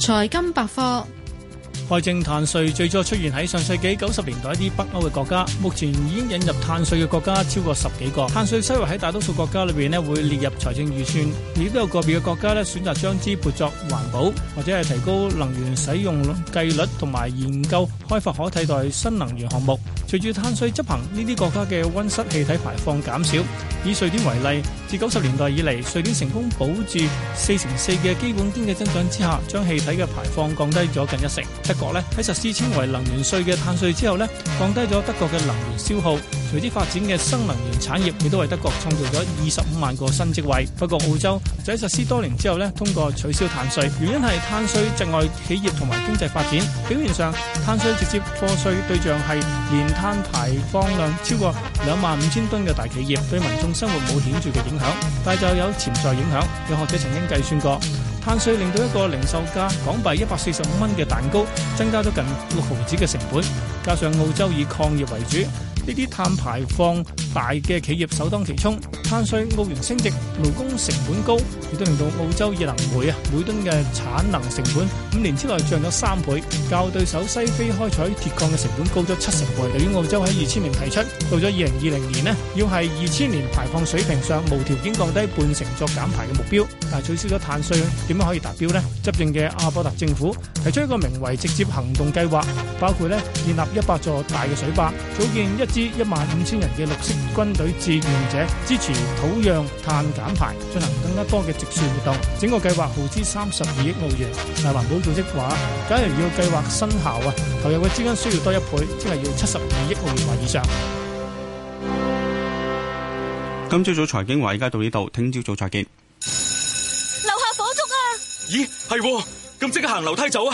財金百科：財政碳稅最初出現喺上世紀九十年代一啲北歐嘅國家，目前已經引入碳稅嘅國家超過十幾個。碳稅收入喺大多數國家裏邊咧會列入財政預算，亦都有個別嘅國家咧選擇將之撥作環保，或者係提高能源使用計率，同埋研究開發可替代新能源項目。隨住碳稅執行，呢啲國家嘅溫室氣體排放減少。以瑞典為例。自九十年代以嚟，瑞典成功保住四成四嘅基本經濟增長之下，將氣體嘅排放降低咗近一成。德國咧喺實施稱為能源稅嘅碳稅之後咧，降低咗德國嘅能源消耗。隨之發展嘅新能源產業，亦都為德國創造咗二十五萬個新職位。不過澳洲就喺實施多年之後呢，通過取消碳稅，原因係碳稅窒礙企業同埋經濟發展。表面上，碳稅直接課稅對象係年碳排放量超過兩萬五千噸嘅大企業，對民眾生活冇顯著嘅影響。但就有潛在影響，有學者曾經計算過，碳稅令到一個零售價港幣一百四十五蚊嘅蛋糕增加咗近六毫子嘅成本。加上澳洲以礦業為主。呢啲碳排放。大嘅企業首當其衝，碳稅澳元升值，勞工成本高，亦都令到澳洲熱能煤啊每噸嘅產能成本五年之內漲咗三倍，較對手西非開採鐵礦嘅成本高咗七成倍。由於澳洲喺二千年提出，到咗二零二零年呢，要係二千年排放水平上無條件降低半成作減排嘅目標，但取消咗碳稅，點樣可以達標呢？執政嘅阿波特政府提出一個名為直接行動計劃，包括咧建立一百座大嘅水壩，組建一支一萬五千人嘅綠色。軍隊志願者支持土壤碳減排，進行更加多嘅植樹活動。整個計劃耗資三十二億澳元。嗱，環保組織話，假如要計劃生效啊，投入嘅資金需要多一倍，即係要七十二億澳元或以上。今朝早財經話，而家到呢度，聽朝早再見。樓下火燭啊！咦，係、啊，咁即刻行樓梯走啊！